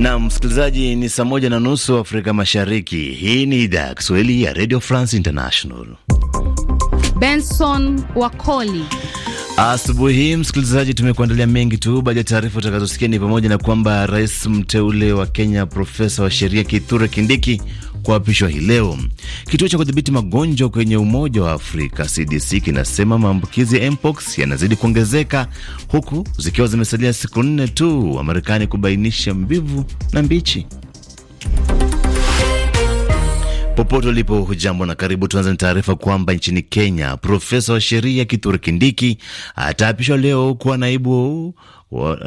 Na msikilizaji, ni saa moja na nusu Afrika Mashariki. Hii ni idhaa ya Kiswahili ya Radio France International. Benson Wakoli. Asubuhi hii msikilizaji, tumekuandalia mengi tu. Baada ya taarifa utakazosikia ni pamoja na kwamba rais mteule wa Kenya, profesa wa sheria Kithure Kindiki kuapishwa hii leo. Kituo cha kudhibiti magonjwa kwenye Umoja wa Afrika CDC kinasema maambukizi ya mpox yanazidi kuongezeka huku zikiwa zimesalia siku nne tu Wamarekani kubainisha mbivu na mbichi. Popote ulipo, hujambo na karibu. Tuanze na taarifa kwamba nchini Kenya, profesa wa sheria Kithure Kindiki ataapishwa leo kuwa naibu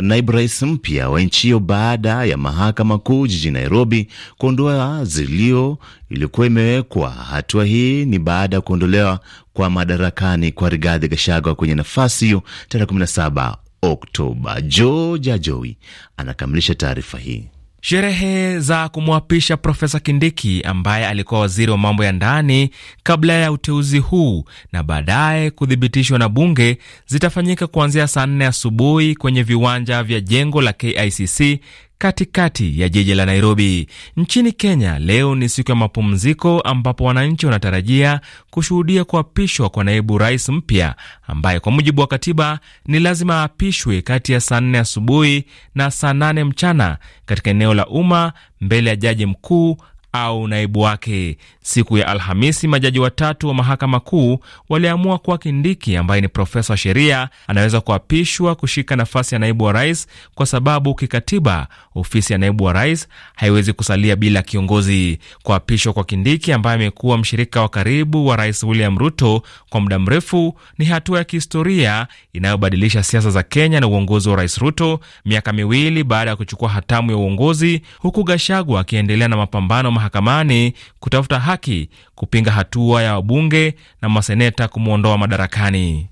naibu rais mpya wa nchi hiyo baada ya mahakama kuu jijini Nairobi kuondoa zilio iliyokuwa imewekwa. Hatua hii ni baada ya kuondolewa kwa madarakani kwa Rigathi Gachagua kwenye nafasi hiyo tarehe 17 Oktoba. Joja Joi anakamilisha taarifa hii. Sherehe za kumwapisha Profesa Kindiki ambaye alikuwa waziri wa mambo ya ndani kabla ya uteuzi huu na baadaye kuthibitishwa na bunge zitafanyika kuanzia saa nne asubuhi kwenye viwanja vya jengo la KICC katikati ya jiji la Nairobi. Nchini Kenya, leo ni siku ya mapumziko ambapo wananchi wanatarajia kushuhudia kuapishwa kwa naibu rais mpya ambaye kwa mujibu wa katiba ni lazima aapishwe kati ya saa nne asubuhi na saa nane mchana katika eneo la umma mbele ya jaji mkuu au naibu wake. Siku ya Alhamisi, majaji watatu wa mahakama kuu waliamua kuwa Kindiki ambaye ni profesa wa sheria anaweza kuapishwa kushika nafasi ya naibu wa rais, kwa sababu kikatiba ofisi ya naibu wa rais haiwezi kusalia bila kiongozi. Kuapishwa kwa Kindiki ambaye amekuwa mshirika wa karibu wa rais William Ruto kwa muda mrefu ni hatua ya kihistoria inayobadilisha siasa za Kenya na uongozi wa rais Ruto, miaka miwili baada ya kuchukua hatamu ya uongozi, huku Gashagwa akiendelea na mapambano mahakamani kutafuta haki kupinga hatua ya wabunge na maseneta kumwondoa madarakani.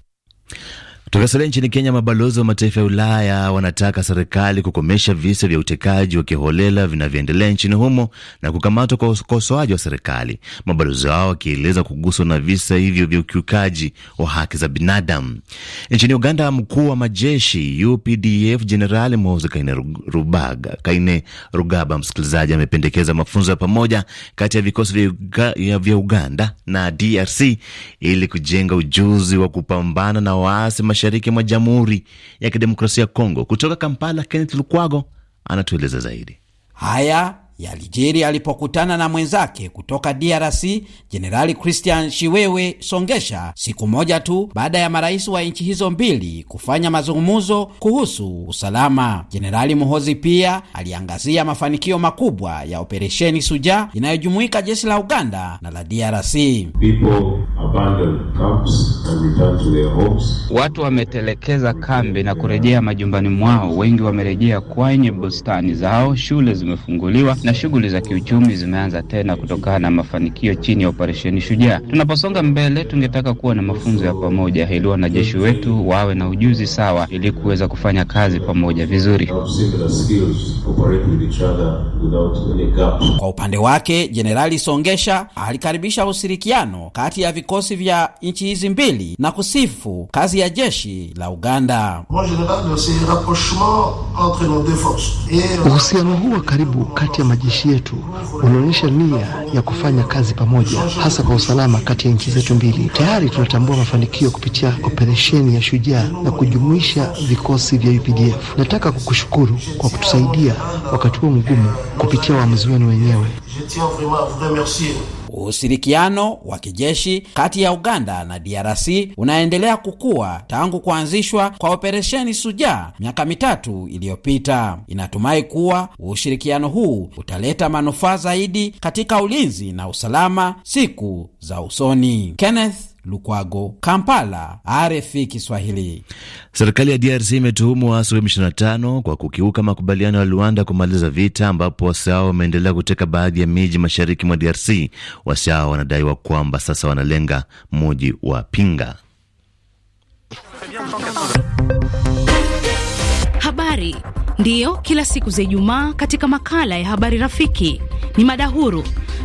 Kutoka nchini Kenya, mabalozi wa mataifa ya Ulaya wanataka serikali kukomesha visa vya utekaji wa kiholela vinavyoendelea nchini humo na kukamatwa kwa ukosoaji wa serikali, mabalozi hao wakieleza kuguswa na visa hivyo vya ukiukaji wa haki za binadamu. Nchini Uganda, mkuu wa majeshi UPDF Jenerali Kaine rugaba msikilizaji, amependekeza mafunzo ya pamoja kati ya vikosi vya Uganda na DRC ili kujenga ujuzi wa kupambana na waasi mashariki mwa Jamhuri ya Kidemokrasia ya Kongo. Kutoka Kampala, Kenneth Lukwago anatueleza zaidi. Haya yalijiri alipokutana na mwenzake kutoka DRC Jenerali Christian Shiwewe Songesha siku moja tu baada ya marais wa nchi hizo mbili kufanya mazungumzo kuhusu usalama. Jenerali Muhozi pia aliangazia mafanikio makubwa ya operesheni Suja inayojumuika jeshi la Uganda na la DRC People. Watu wametelekeza kambi na kurejea majumbani mwao. Wengi wamerejea kwenye bustani zao, shule zimefunguliwa na shughuli za kiuchumi zimeanza tena kutokana na mafanikio chini ya operesheni Shujaa. Tunaposonga mbele, tungetaka kuwa na mafunzo ya pamoja ili wanajeshi wetu wawe na ujuzi sawa ili kuweza kufanya kazi pamoja vizuri. Kwa upande wake, Jenerali Songesha alikaribisha ushirikiano kati ya vikosi vikosi vya nchi hizi mbili na kusifu kazi ya jeshi la Uganda. Euh, Uhusiano huu wa karibu kati ya majeshi yetu unaonyesha nia ya kufanya kazi pamoja, hasa kwa usalama kati ya nchi zetu mbili. Tayari tunatambua mafanikio kupitia operesheni ya Shujaa na kujumuisha vikosi vya UPDF. Nataka kukushukuru kwa kutusaidia wakati huo mgumu kupitia uamuzi wenu wenyewe. Ushirikiano wa kijeshi kati ya Uganda na DRC unaendelea kukua tangu kuanzishwa kwa operesheni sujaa miaka mitatu iliyopita. Inatumai kuwa ushirikiano huu utaleta manufaa zaidi katika ulinzi na usalama siku za usoni. Kenneth Lukwago, Kampala, RFI Kiswahili. Serikali ya DRC imetuhumu waasi wa M23 kwa kukiuka makubaliano ya Luanda kumaliza vita, ambapo waasi hao wameendelea kuteka baadhi ya miji mashariki mwa DRC. Waasi hao wanadaiwa kwamba sasa wanalenga muji wa Pinga. Habari ndiyo kila siku za Ijumaa katika makala ya Habari Rafiki ni mada huru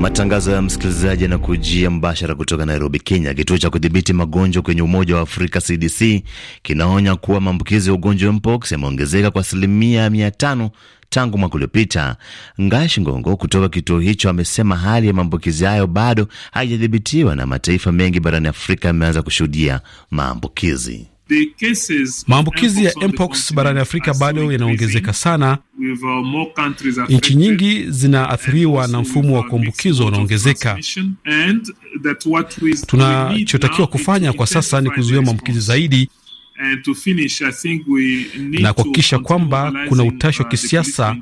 Matangazo ya msikilizaji yanakujia mbashara kutoka Nairobi, Kenya. Kituo cha kudhibiti magonjwa kwenye Umoja wa Afrika CDC kinaonya kuwa maambukizi ya ugonjwa wa mpox yameongezeka kwa asilimia mia tano tangu mwaka uliopita. Ngashi Ngongo kutoka kituo hicho amesema hali ya maambukizi hayo bado haijadhibitiwa na mataifa mengi barani Afrika yameanza kushuhudia maambukizi. Maambukizi ya mpox barani Afrika bado yanaongezeka sana. Uh, Nchi nyingi zinaathiriwa na mfumo wa kuambukizwa unaongezeka. Tunachotakiwa kufanya kwa sasa ni kuzuia maambukizi zaidi na kuhakikisha kwamba kuna uh, utashi wa kisiasa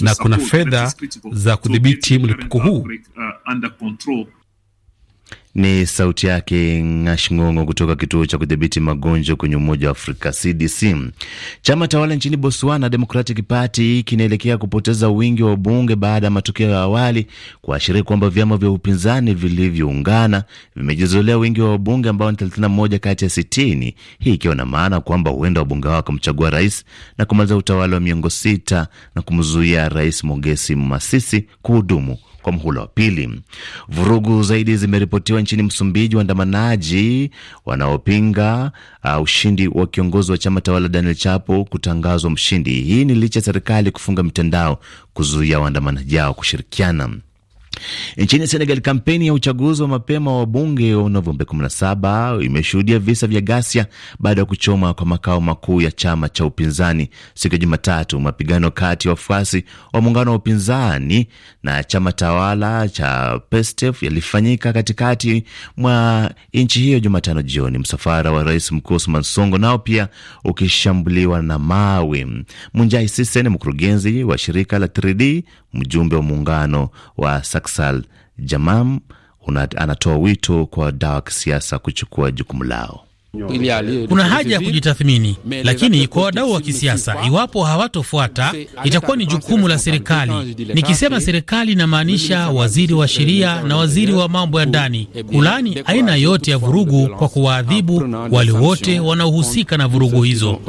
na kuna fedha za kudhibiti mlipuko huu. Uh, ni sauti yake Ng'ash Ng'ong'o kutoka kituo cha kudhibiti magonjwa kwenye Umoja wa Afrika CDC. Chama tawala nchini Botswana, Democratic Party, kinaelekea kupoteza wingi wa ubunge baada ya matokeo ya awali kuashiria kwamba vyama vya upinzani vilivyoungana vimejizolea wingi wa wabunge ambao ni 31 kati ya 60, hii ikiwa na maana kwamba huenda wabunge hao wakamchagua rais na kumaliza utawala wa miongo sita na kumzuia Rais Mogesi Masisi kuhudumu kwa mhula wa pili. Vurugu zaidi zimeripotiwa nchini Msumbiji, waandamanaji wanaopinga uh, ushindi wa kiongozi wa chama tawala Daniel Chapo kutangazwa mshindi. Hii ni licha ya serikali kufunga mitandao kuzuia waandamanaji hao kushirikiana. Nchini Senegal, kampeni ya uchaguzi wa mapema wa bunge wa Novemba 17 imeshuhudia visa vya ghasia baada ya kuchoma kwa makao makuu ya chama cha upinzani siku ya Jumatatu. Mapigano kati ya wafuasi wa muungano wa upinzani na chama tawala cha PASTEF yalifanyika katikati mwa nchi hiyo Jumatano jioni. Msafara wa rais mkuu Ousmane Sonko nao pia ukishambuliwa na mawe. Munjai Sisene, mkurugenzi wa shirika la 3D mjumbe wa muungano wa Saksal Jamam anatoa wito kwa dawa wa kisiasa kuchukua jukumu lao. Kuna haja ya kujitathmini, lakini kwa wadau wa kisiasa, iwapo hawatofuata itakuwa ni jukumu la serikali. Nikisema serikali, inamaanisha waziri wa sheria na waziri wa mambo ya ndani, eh, kulani aina yote ya vurugu kwa kuwaadhibu wale wote wanaohusika na vurugu hizo.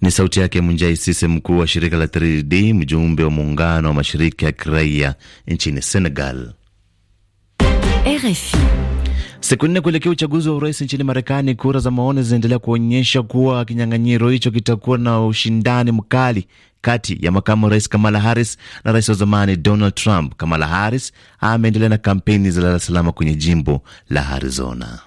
Ni sauti yake Munjai Sise, mkuu wa shirika la 3D, mjumbe wa muungano wa mashirika ya kiraia nchini Senegal. RFI. Siku nne kuelekea uchaguzi wa urais nchini Marekani, kura za maoni zinaendelea kuonyesha kuwa kinyang'anyiro hicho kitakuwa na ushindani mkali kati ya makamu rais Kamala Harris na rais wa zamani Donald Trump. Kamala Harris ameendelea na kampeni za lala salama kwenye jimbo la Arizona.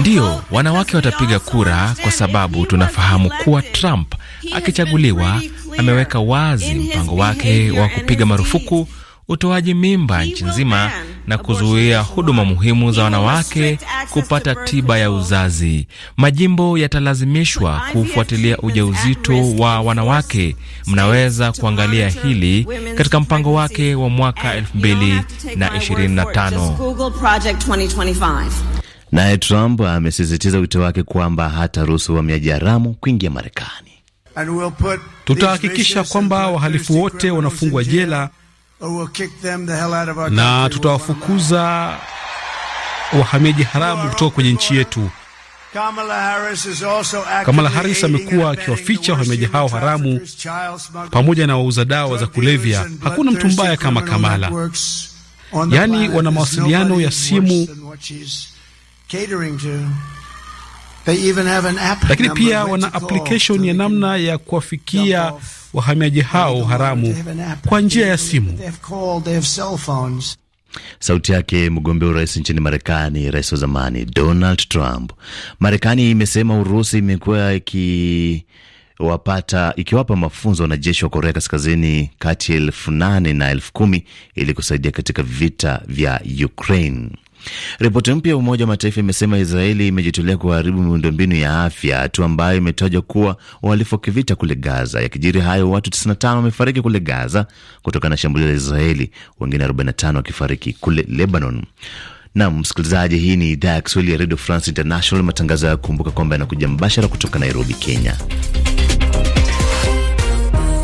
Ndiyo, wanawake watapiga kura kwa sababu tunafahamu kuwa Trump akichaguliwa ameweka wazi mpango wake wa kupiga marufuku utoaji mimba nchi nzima na kuzuia huduma muhimu za wanawake kupata tiba ya uzazi. Majimbo yatalazimishwa kufuatilia ujauzito wa wanawake. Mnaweza kuangalia hili katika mpango wake wa mwaka 2025. Naye Trump amesisitiza wito wake kwamba hataruhusu wahamiaji haramu kuingia Marekani. Tutahakikisha kwamba wahalifu wote wanafungwa jela na tutawafukuza wahamiaji haramu kutoka kwenye nchi yetu. Kamala Harris amekuwa akiwaficha wahamiaji hao haramu pamoja na wauza dawa za kulevya. Hakuna mtu mbaya kama Kamala, yaani wana mawasiliano ya simu They even have an app, lakini pia wana application ya namna ya kuwafikia wahamiaji hao haramu kwa njia ya simu. Sauti yake mgombea urais nchini Marekani, rais wa zamani Donald Trump. Marekani imesema Urusi imekuwa iki wapata ikiwapa mafunzo wanajeshi wa Korea Kaskazini kati ya elfu nane na elfu kumi ili kusaidia katika vita vya Ukraine. Ripoti mpya ya Umoja wa Mataifa imesema Israeli imejitolea kuharibu miundombinu ya afya, hatua ambayo imetajwa kuwa uhalifu wa kivita kule Gaza. Yakijiri hayo, watu 95 wamefariki kule Gaza kutokana na shambulio la Israeli, wengine 45 wakifariki kule Lebanon. Nam msikilizaji, hii ni idhaa ya Kiswahili ya Redio France International. Matangazo ya kumbuka kwamba yanakuja mbashara kutoka Nairobi, Kenya.